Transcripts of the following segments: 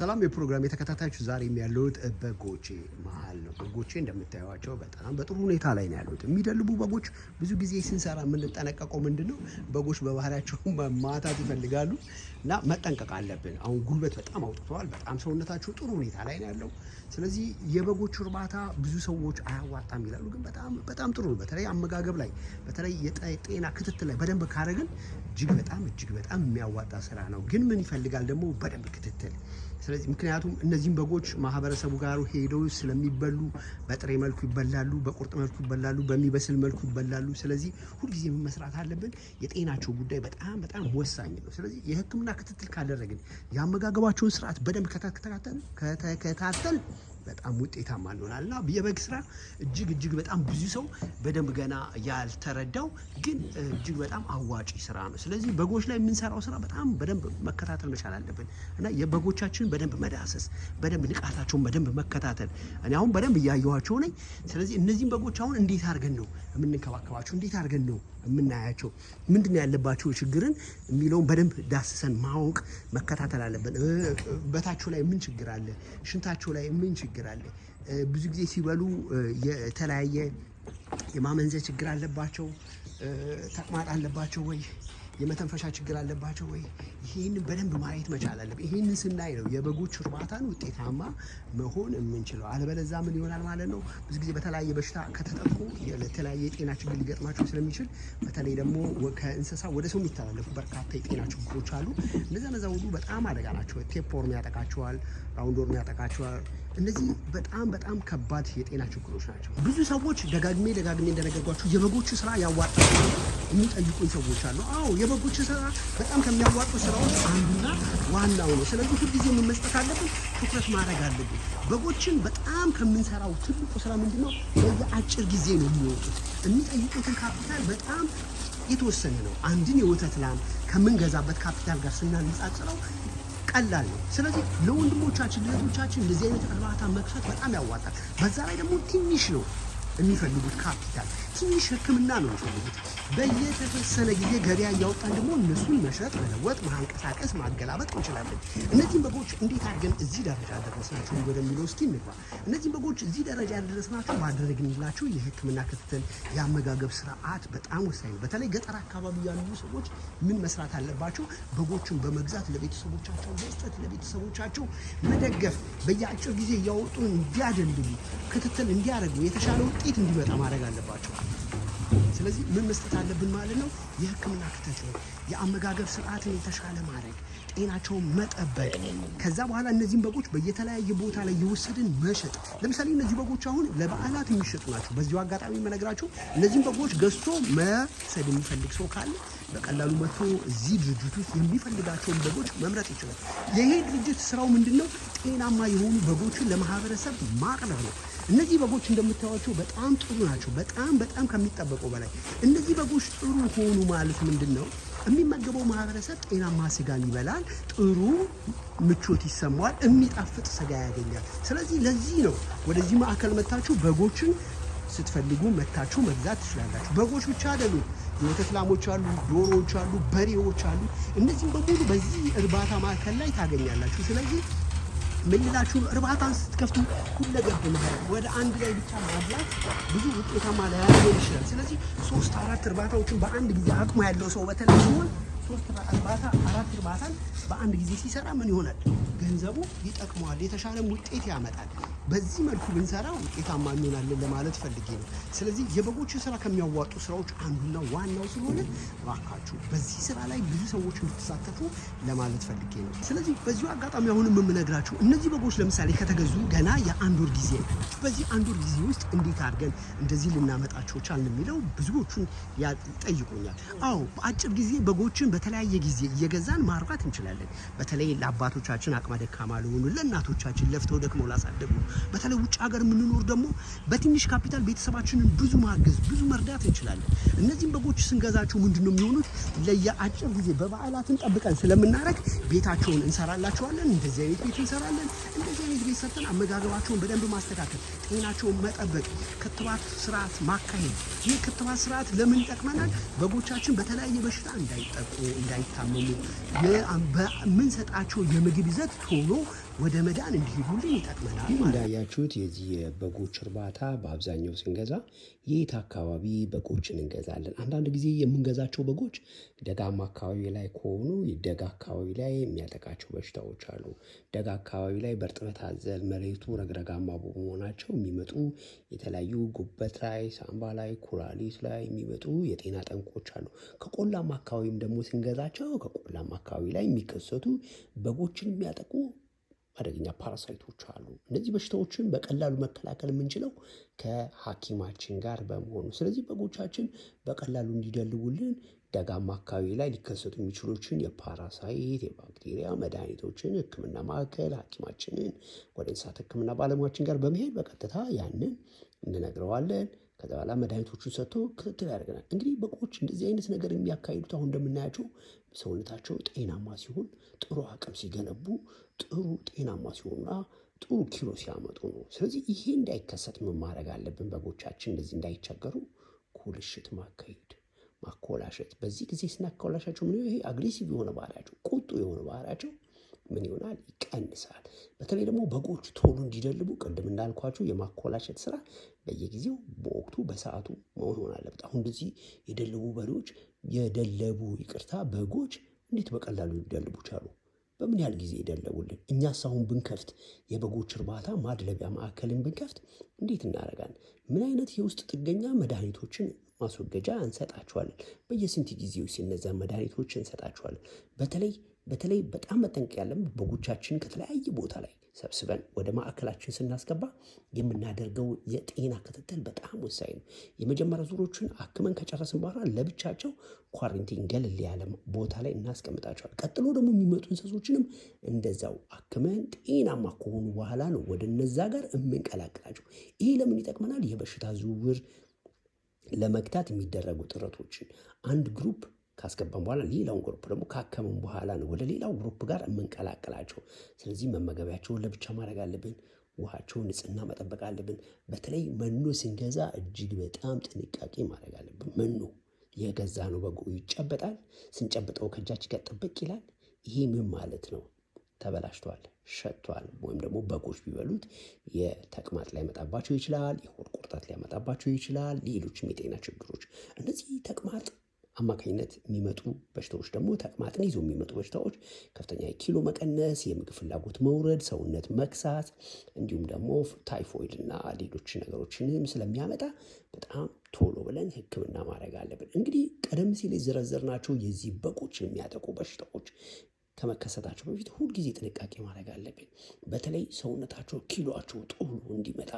ሰላም የፕሮግራም የተከታታዮች ዛሬም ያለሁት በጎቼ መሀል ነው። በጎቼ እንደምታዩዋቸው በጣም በጥሩ ሁኔታ ላይ ነው ያሉት። የሚደልቡ በጎች ብዙ ጊዜ ስንሰራ የምንጠነቀቀው ምንድን ነው፣ በጎች በባህሪያቸው ማታት ይፈልጋሉ። እና መጠንቀቅ አለብን። አሁን ጉልበት በጣም አውጥተዋል። በጣም ሰውነታቸው ጥሩ ሁኔታ ላይ ነው ያለው። ስለዚህ የበጎች እርባታ ብዙ ሰዎች አያዋጣም ይላሉ፣ ግን በጣም በጣም ጥሩ ነው። በተለይ አመጋገብ ላይ፣ በተለይ የጤና ክትትል ላይ በደንብ ካደረግን እጅግ በጣም እጅግ በጣም የሚያዋጣ ስራ ነው። ግን ምን ይፈልጋል ደግሞ በደንብ ክትትል። ስለዚህ ምክንያቱም እነዚህም በጎች ማህበረሰቡ ጋር ሄደው ስለሚበሉ በጥሬ መልኩ ይበላሉ፣ በቁርጥ መልኩ ይበላሉ፣ በሚበስል መልኩ ይበላሉ። ስለዚህ ሁልጊዜ መስራት አለብን። የጤናቸው ጉዳይ በጣም በጣም ወሳኝ ነው። ስለዚህ የህክምና ክትትል ካደረግን የአመጋገባቸውን ስርዓት በደንብ ከተከታተል በጣም ውጤታማ ና የበግ ስራ እጅግ እጅግ በጣም ብዙ ሰው በደንብ ገና ያልተረዳው ግን እጅግ በጣም አዋጪ ስራ ነው። ስለዚህ በጎች ላይ የምንሰራው ስራ በጣም በደንብ መከታተል መቻል አለብን እና የበጎቻችን በደንብ መዳሰስ፣ በደንብ ንቃታቸውን በደንብ መከታተል። እኔ አሁን በደንብ እያየኋቸው ነኝ። ስለዚህ እነዚህም በጎች አሁን እንዴት አድርገን ነው የምንንከባከባቸው? እንዴት አድርገን ነው የምናያቸው? ምንድን ነው ያለባቸው ችግርን የሚለውን በደንብ ዳስሰን ማወቅ መከታተል አለብን። በታቸው ላይ ምን ችግር አለ? ሽንታቸው ላይ ምን ችግር ችግር አለ። ብዙ ጊዜ ሲበሉ የተለያየ የማመንዘ ችግር አለባቸው፣ ተቅማጥ አለባቸው ወይ የመተንፈሻ ችግር አለባቸው ወይ? ይህንን በደንብ ማየት መቻል አለብን። ይህንን ስናይ ነው የበጎች እርባታን ውጤታማ መሆን የምንችለው። አለበለዛ ምን ይሆናል ማለት ነው? ብዙ ጊዜ በተለያየ በሽታ ከተጠቁ የተለያየ የጤና ችግር ሊገጥማቸው ስለሚችል በተለይ ደግሞ ከእንስሳ ወደ ሰው የሚተላለፉ በርካታ የጤና ችግሮች አሉ። እነዚ ነዛ ሁሉ በጣም አደጋ ናቸው። ቴፕ ያጠቃቸዋል፣ ራውንድ ወርም ያጠቃቸዋል እነዚህ በጣም በጣም ከባድ የጤና ችግሮች ናቸው። ብዙ ሰዎች ደጋግሜ ደጋግሜ እንደነገርኳችሁ የበጎች ስራ ያዋጣ የሚጠይቁኝ ሰዎች አሉ። አዎ የበጎች ስራ በጣም ከሚያዋጡ ስራዎች አንዱና ዋናው ነው። ስለዚህ ሁልጊዜ የምመስጠት አለብን፣ ትኩረት ማድረግ አለብን። በጎችን በጣም ከምንሰራው ትልቁ ስራ ምንድነው? በየአጭር ጊዜ ነው የሚወጡት። የሚጠይቁትን ካፒታል በጣም የተወሰነ ነው። አንድን የወተት ላም ከምንገዛበት ካፒታል ጋር ስናነጻጽረው ቀላል ነው። ስለዚህ ለወንድሞቻችን፣ ለእህቶቻችን እንደዚህ አይነት እርባታ መክፈት በጣም ያዋጣል። በዛ ላይ ደግሞ ትንሽ ነው የሚፈልጉት ካፒታል ትንሽ ህክምና ነው የሚፈልጉት። በየተወሰነ ጊዜ ገበያ እያወጣን ደግሞ እነሱን መሸጥ፣ መለወጥ፣ ማንቀሳቀስ፣ ማገላበጥ እንችላለን። እነዚህም በጎች እንዴት አድርገን እዚህ ደረጃ ያደረስናቸው ወደሚለው እስኪ እንግባ። እነዚህም በጎች እዚህ ደረጃ ደረስናቸው ባደረግንላቸው የህክምና ክትትል፣ የአመጋገብ ስርዓት በጣም ወሳኝ ነው። በተለይ ገጠር አካባቢ ያሉ ሰዎች ምን መስራት አለባቸው? በጎችን በመግዛት ለቤተሰቦቻቸው መስጠት፣ ለቤተሰቦቻቸው መደገፍ፣ በየአጭር ጊዜ እያወጡ እንዲያደልሉ ክትትል እንዲያደርጉ የተሻለ ውጤት ውጤት እንዲመጣ ማድረግ አለባቸው። ስለዚህ ምን መስጠት አለብን ማለት ነው? የህክምና ክትትል፣ የአመጋገብ ስርዓትን የተሻለ ማድረግ፣ ጤናቸውን መጠበቅ። ከዛ በኋላ እነዚህን በጎች በየተለያየ ቦታ ላይ የወሰድን መሸጥ። ለምሳሌ እነዚህ በጎች አሁን ለበዓላት የሚሸጡ ናቸው። በዚሁ አጋጣሚ መነግራቸው እነዚህን በጎች ገዝቶ መሰድ የሚፈልግ ሰው ካለ በቀላሉ መጥቶ እዚህ ድርጅት ውስጥ የሚፈልጋቸውን በጎች መምረጥ ይችላል። ይሄ ድርጅት ስራው ምንድን ነው? ጤናማ የሆኑ በጎችን ለማህበረሰብ ማቅረብ ነው። እነዚህ በጎች እንደምታዩቸው በጣም ጥሩ ናቸው። በጣም በጣም ከሚጠበቁ በላይ እነዚህ በጎች ጥሩ ሆኑ ማለት ምንድን ነው? የሚመገበው ማህበረሰብ ጤናማ ስጋን ይበላል። ጥሩ ምቾት ይሰማዋል። የሚጣፍጥ ስጋ ያገኛል። ስለዚህ ለዚህ ነው ወደዚህ ማዕከል መታችሁ በጎችን ስትፈልጉ መታችሁ መግዛት ትችላላችሁ። በጎች ብቻ አይደሉም። የወተት ላሞች አሉ፣ ዶሮዎች አሉ፣ በሬዎች አሉ። እነዚህም በሙሉ በዚህ እርባታ ማዕከል ላይ ታገኛላችሁ። ስለዚህ ምንላችሁም እርባታን ስትከፍቱ ነገር መሆን ወደ አንድ ላይ ብቻ ማብላት ብዙ ውጤታማ ላያደርገን ይችላል። ስለዚህ ሶስት አራት እርባታዎችን በአንድ ጊዜ አቅሙ ያለው ሰው በተለይ ሲሆን ሶስት እርባታ አራት እርባታን በአንድ ጊዜ ሲሰራ ምን ይሆናል? ገንዘቡ ይጠቅመዋል፣ የተሻለም ውጤት ያመጣል። በዚህ መልኩ ብንሰራ ውጤታማ እንሆናለን ለማለት ፈልጌ ነው። ስለዚህ የበጎች ስራ ከሚያዋጡ ስራዎች አንዱና ዋናው ስለሆነ እባካችሁ በዚህ ስራ ላይ ብዙ ሰዎች እንድትሳተፉ ለማለት ፈልጌ ነው። ስለዚህ በዚሁ አጋጣሚ አሁንም የምነግራችሁ እነዚህ በጎች ለምሳሌ ከተገዙ ገና የአንድ ወር ጊዜ ነው። በዚህ አንድ ወር ጊዜ ውስጥ እንዴት አድርገን እንደዚህ ልናመጣቸው ቻልን የሚለው ብዙዎቹን ጠይቆኛል። አዎ በአጭር ጊዜ በጎችን በተለያየ ጊዜ እየገዛን ማርባት እንችላለን። በተለይ ለአባቶቻችን አቅመ ደካማ ለሆኑ፣ ለእናቶቻችን ለፍተው ደክመው ላሳደጉ፣ በተለይ ውጭ ሀገር የምንኖር ደግሞ በትንሽ ካፒታል ቤተሰባችንን ብዙ ማገዝ ብዙ መርዳት እንችላለን። እነዚህም በጎች ስንገዛቸው ምንድን ነው የሚሆኑት? ለየአጭር ጊዜ በበዓላትን ጠብቀን ስለምናረግ ቤታቸውን እንሰራላቸዋለን። እንደዚህ አይነት ቤት እንሰራለን። እንደዚህ አይነት ቤት ሰርተን አመጋገባቸውን በደንብ ማስተካከል፣ ጤናቸውን መጠበቅ፣ ክትባት ስርዓት ማካሄድ። ይህ ክትባት ስርዓት ለምን ይጠቅመናል? በጎቻችን በተለያየ በሽታ እንዳይጠቁ እንዳይታመሙ የምንሰጣቸው የምግብ ይዘት ቶሎ ወደ መዳን እንዲሄዱልን ይጠቅመናል። ይህ እንዳያችሁት የዚህ የበጎች እርባታ በአብዛኛው ስንገዛ የት አካባቢ በጎችን እንገዛለን? አንዳንድ ጊዜ የምንገዛቸው በጎች ደጋማ አካባቢ ላይ ከሆኑ ደጋ አካባቢ ላይ የሚያጠቃቸው በሽታዎች አሉ። ደጋ አካባቢ ላይ በእርጥበት አዘል መሬቱ ረግረጋማ በመሆናቸው የሚመጡ የተለያዩ ጉበት ላይ፣ ሳምባ ላይ፣ ኩላሊት ላይ የሚመጡ የጤና ጠንቆች አሉ። ከቆላማ አካባቢም ደግሞ ስንገዛቸው ከቆላማ አካባቢ ላይ የሚከሰቱ በጎችን የሚያጠቁ አደገኛ ፓራሳይቶች አሉ። እነዚህ በሽታዎችን በቀላሉ መከላከል የምንችለው ከሐኪማችን ጋር በመሆኑ ስለዚህ በጎቻችን በቀላሉ እንዲደልቡልን ደጋማ አካባቢ ላይ ሊከሰቱ የሚችሉችን የፓራሳይት የባክቴሪያ መድኃኒቶችን ሕክምና ማዕከል ሐኪማችንን ወደ እንስሳት ሕክምና ባለሙያችን ጋር በመሄድ በቀጥታ ያንን እንነግረዋለን። ከዛ በኋላ መድኃኒቶቹን ሰጥቶ ክትትል ያደርገናል። እንግዲህ በጎች እንደዚህ አይነት ነገር የሚያካሂዱት አሁን እንደምናያቸው ሰውነታቸው ጤናማ ሲሆን ጥሩ አቅም ሲገነቡ ጥሩ ጤናማ ሲሆኑና ጥሩ ኪሎ ሲያመጡ ነው። ስለዚህ ይሄ እንዳይከሰት ምን ማድረግ አለብን? በጎቻችን እንደዚህ እንዳይቸገሩ ኩልሽት ማካሄድ፣ ማኮላሸት። በዚህ ጊዜ ስናኮላሻቸው ምን ይሄ አግሬሲቭ የሆነ ባህሪያቸው፣ ቁጡ የሆነ ባህሪያቸው ምን ይሆናል? ይቀንሳል። በተለይ ደግሞ በጎች ቶሎ እንዲደልቡ ቅድም እንዳልኳቸው የማኮላሸት ስራ በየጊዜው በወቅቱ በሰዓቱ መሆን አለበት። አሁን እንደዚህ የደለቡ በሬዎች የደለቡ ይቅርታ በጎች እንዴት በቀላሉ ሊደልቡ ቻሉ? በምን ያህል ጊዜ ይደለቡልን? እኛስ አሁን ብንከፍት የበጎች እርባታ ማድለቢያ ማዕከልን ብንከፍት እንዴት እናደርጋለን? ምን አይነት የውስጥ ጥገኛ መድኃኒቶችን ማስወገጃ እንሰጣቸዋለን? በየስንት ጊዜው ሲነዛ መድኃኒቶች እንሰጣቸዋለን? በተለይ በተለይ በጣም መጠንቅ ያለም በጎቻችን ከተለያየ ቦታ ላይ ሰብስበን ወደ ማዕከላችን ስናስገባ የምናደርገው የጤና ክትትል በጣም ወሳኝ ነው። የመጀመሪያ ዙሮችን አክመን ከጨረስን በኋላ ለብቻቸው ኳረንቲን ገለል ያለ ቦታ ላይ እናስቀምጣቸዋል። ቀጥሎ ደግሞ የሚመጡ እንስሶችንም እንደዛው አክመን ጤናማ ከሆኑ በኋላ ነው ወደ እነዛ ጋር የምንቀላቅላቸው። ይሄ ለምን ይጠቅመናል? የበሽታ ዝውውር ለመግታት የሚደረጉ ጥረቶችን አንድ ግሩፕ ካስገባን በኋላ ሌላውን ግሩፕ ደግሞ ካከምን በኋላ ነው ወደ ሌላው ግሩፕ ጋር የምንቀላቅላቸው። ስለዚህ መመገቢያቸውን ለብቻ ማድረግ አለብን። ውሃቸውን ንጽህና መጠበቅ አለብን። በተለይ መኖ ስንገዛ እጅግ በጣም ጥንቃቄ ማድረግ አለብን። መኖ የገዛ ነው በጎ ይጨበጣል። ስንጨብጠው ከእጃችን ጋር ጥብቅ ይላል። ይሄ ምን ማለት ነው? ተበላሽቷል፣ ሸቷል፣ ወይም ደግሞ በጎች ቢበሉት የተቅማጥ ሊያመጣባቸው ይችላል። የሆድ ቁርጠት ሊያመጣባቸው ይችላል። ሌሎችም የጤና ችግሮች እነዚህ ተቅማጥ አማካኝነት የሚመጡ በሽታዎች ደግሞ ተቅማጥን ይዞ የሚመጡ በሽታዎች ከፍተኛ የኪሎ መቀነስ፣ የምግብ ፍላጎት መውረድ፣ ሰውነት መክሳት እንዲሁም ደግሞ ታይፎይድ እና ሌሎች ነገሮችንም ስለሚያመጣ በጣም ቶሎ ብለን ሕክምና ማድረግ አለብን። እንግዲህ ቀደም ሲል የዘረዘርናቸው የዚህ በጎች የሚያጠቁ በሽታዎች ከመከሰታቸው በፊት ሁልጊዜ ጥንቃቄ ማድረግ አለብን። በተለይ ሰውነታቸው ኪሏቸው ጥሉ እንዲመጣ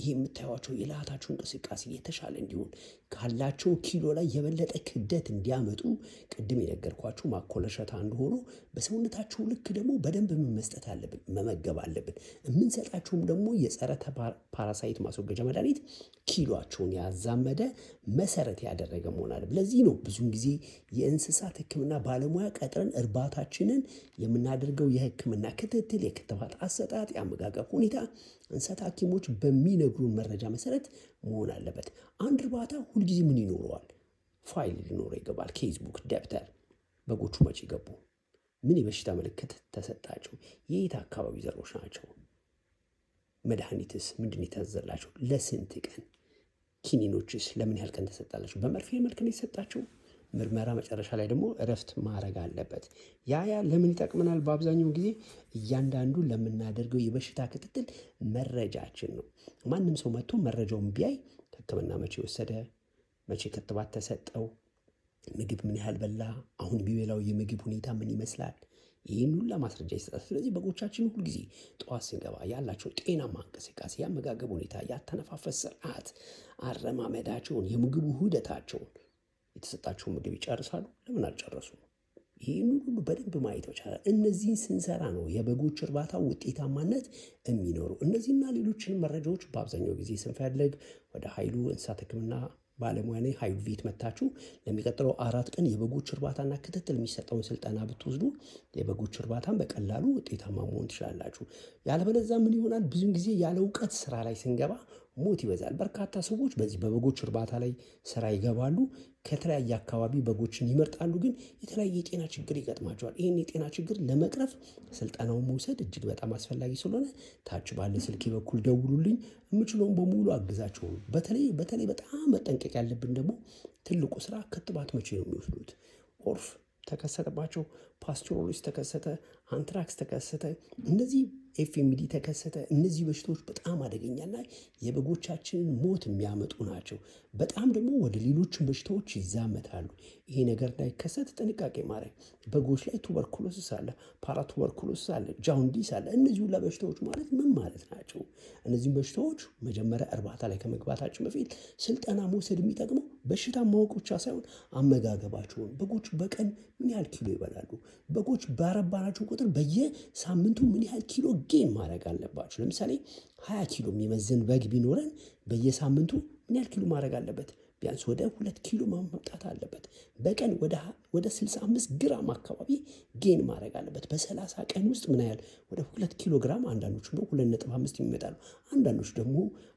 ይሄ የምታዩቸው የላታቸው እንቅስቃሴ የተሻለ እንዲሆን ካላቸው ኪሎ ላይ የበለጠ ክብደት እንዲያመጡ ቅድም የነገርኳችሁ ማኮለሸት አንዱ ሆኖ በሰውነታችሁ ልክ ደግሞ በደንብ ምን መስጠት አለብን? መመገብ አለብን። የምንሰጣችሁም ደግሞ የጸረ ፓራሳይት ማስወገጃ መድኃኒት ኪሏቸውን ያዛመደ መሰረት ያደረገ መሆን አለብን። ለዚህ ነው ብዙን ጊዜ የእንስሳት ሕክምና ባለሙያ ቀጥረን እርባታችንን የምናደርገው። የሕክምና ክትትል፣ የክትባት አሰጣጥ፣ የአመጋገብ ሁኔታ እንስሳት ሐኪሞች በሚነግሩን መረጃ መሰረት መሆን አለበት። አንድ እርባታ ሁልጊዜ ምን ይኖረዋል? ፋይል ሊኖረው ይገባል። ኬዝ ደብተር። በጎቹ መቼ ገቡ? ምን የበሽታ ምልክት ተሰጣቸው? የየት አካባቢ ዘሮች ናቸው? መድኃኒትስ ምንድን የታዘላቸው? ለስንት ቀን? ኪኒኖችስ ለምን ያህል ቀን ተሰጣላቸው? በመርፌ መልክ ነው የተሰጣቸው? ምርመራ መጨረሻ ላይ ደግሞ እረፍት ማድረግ አለበት። ያ ያ ለምን ይጠቅመናል? በአብዛኛው ጊዜ እያንዳንዱ ለምናደርገው የበሽታ ክትትል መረጃችን ነው። ማንም ሰው መጥቶ መረጃውን ቢያይ ሕክምና መቼ ወሰደ መቼ ክትባት ተሰጠው፣ ምግብ ምን ያህል በላ፣ አሁን የሚበላው የምግብ ሁኔታ ምን ይመስላል፣ ይህን ሁላ ማስረጃ ይሰጣል። ስለዚህ በጎቻችን ሁልጊዜ ጠዋት ስንገባ ያላቸው ጤናማ እንቅስቃሴ፣ የአመጋገብ ሁኔታ፣ ያተነፋፈስ ስርዓት፣ አረማመዳቸውን፣ የምግቡ ውህደታቸውን፣ የተሰጣቸውን ምግብ ይጨርሳሉ። ለምን አልጨረሱም? ይህን ሁሉ በደንብ ማየት መቻላል። እነዚህን ስንሰራ ነው የበጎች እርባታ ውጤታማነት የሚኖሩ። እነዚህና ሌሎችን መረጃዎች በአብዛኛው ጊዜ ስንፈልግ ወደ ኃይሉ እንስሳት ሕክምና ባለሙያ ነኝ። ሀይ ቤት መታችሁ ለሚቀጥለው አራት ቀን የበጎች እርባታና ክትትል የሚሰጠውን ስልጠና ብትወስዱ የበጎች እርባታን በቀላሉ ውጤታማ መሆን ትችላላችሁ። ያለበለዛ ምን ይሆናል? ብዙን ጊዜ ያለ እውቀት ስራ ላይ ስንገባ ሞት ይበዛል። በርካታ ሰዎች በዚህ በበጎች እርባታ ላይ ስራ ይገባሉ። ከተለያየ አካባቢ በጎችን ይመርጣሉ፣ ግን የተለያየ የጤና ችግር ይገጥማቸዋል። ይህን የጤና ችግር ለመቅረፍ ስልጠናውን መውሰድ እጅግ በጣም አስፈላጊ ስለሆነ ታች ባለ ስልኬ በኩል ደውሉልኝ፣ የምችለውን በሙሉ አግዛቸው። በተለይ በተለይ በጣም መጠንቀቅ ያለብን ደግሞ ትልቁ ስራ ክትባት መቼ ነው የሚወስዱት? ኦርፍ ተከሰተባቸው፣ ፓስቶሮሎስ ተከሰተ፣ አንትራክስ ተከሰተ፣ እነዚህ ኤፍኤምዲ ተከሰተ። እነዚህ በሽታዎች በጣም አደገኛና የበጎቻችንን ሞት የሚያመጡ ናቸው። በጣም ደግሞ ወደ ሌሎችን በሽታዎች ይዛመታሉ። ይሄ ነገር እንዳይከሰት ጥንቃቄ ማድረግ በጎች ላይ ቱበርኩሎስስ አለ፣ ፓራ ቱበርኩሎስስ አለ፣ ጃውንዲስ አለ። እነዚህ ሁላ በሽታዎች ማለት ምን ማለት ናቸው? እነዚህም በሽታዎች መጀመሪያ እርባታ ላይ ከመግባታችን በፊት ስልጠና መውሰድ የሚጠቅመው በሽታ ማወቅ ብቻ ሳይሆን አመጋገባቸውን በጎች በቀን ምን ያህል ኪሎ ይበላሉ፣ በጎች ባረባናቸው ቁጥር በየሳምንቱ ምን ያህል ኪሎ ጌን ማድረግ አለባቸው። ለምሳሌ ሀያ ኪሎ የሚመዝን በግ ቢኖረን በየሳምንቱ ምን ያህል ኪሎ ማድረግ አለበት? ቢያንስ ወደ ሁለት ኪሎ መምጣት አለበት። በቀን ወደ ስልሳ አምስት ግራም አካባቢ ጌን ማድረግ አለበት። በሰላሳ ቀን ውስጥ ምን ያህል ወደ ሁለት ኪሎ ግራም አንዳንዶቹ ሁለት ነጥብ አምስት ይመጣሉ። አንዳንዶች ደግሞ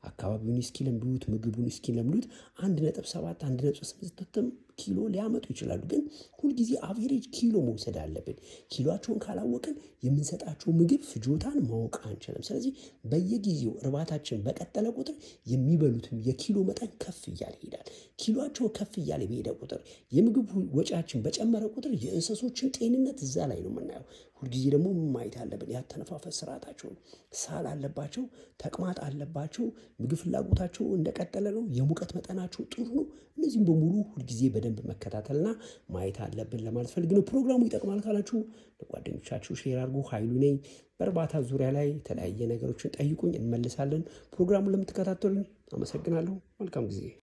አካባቢውን እስኪለምዱት ምግቡን እስኪለምዱት አንድ ነጥብ ሰባት አንድ ነጥብ ኪሎ ሊያመጡ ይችላሉ። ግን ሁልጊዜ አቬሬጅ ኪሎ መውሰድ አለብን። ኪሎቸውን ካላወቅን የምንሰጣቸው ምግብ ፍጆታን ማወቅ አንችልም። ስለዚህ በየጊዜው እርባታችን በቀጠለ ቁጥር የሚበሉትም የኪሎ መጠን ከፍ እያለ ይሄዳል። ኪሏቸው ከፍ እያለ በሄደ ቁጥር የምግብ ወጪያችን በጨመረ ቁጥር የእንስሶችን ጤንነት እዛ ላይ ነው የምናየው። ሁልጊዜ ደግሞ ማየት አለብን ያተነፋፈስ ስርዓታቸውን ሳል አለባቸው፣ ተቅማጥ አለባቸው ምግብ ፍላጎታቸው እንደቀጠለ ነው። የሙቀት መጠናቸው ጥሩ ነው። እነዚህም በሙሉ ሁልጊዜ በደንብ መከታተልና ማየት አለብን ለማለት ፈልግ ነው። ፕሮግራሙ ይጠቅማል ካላችሁ ለጓደኞቻችሁ ሼር አድርጉ። ኃይሉ ነኝ። በእርባታ ዙሪያ ላይ የተለያየ ነገሮችን ጠይቁኝ፣ እንመልሳለን። ፕሮግራሙን ለምትከታተሉኝ አመሰግናለሁ። መልካም ጊዜ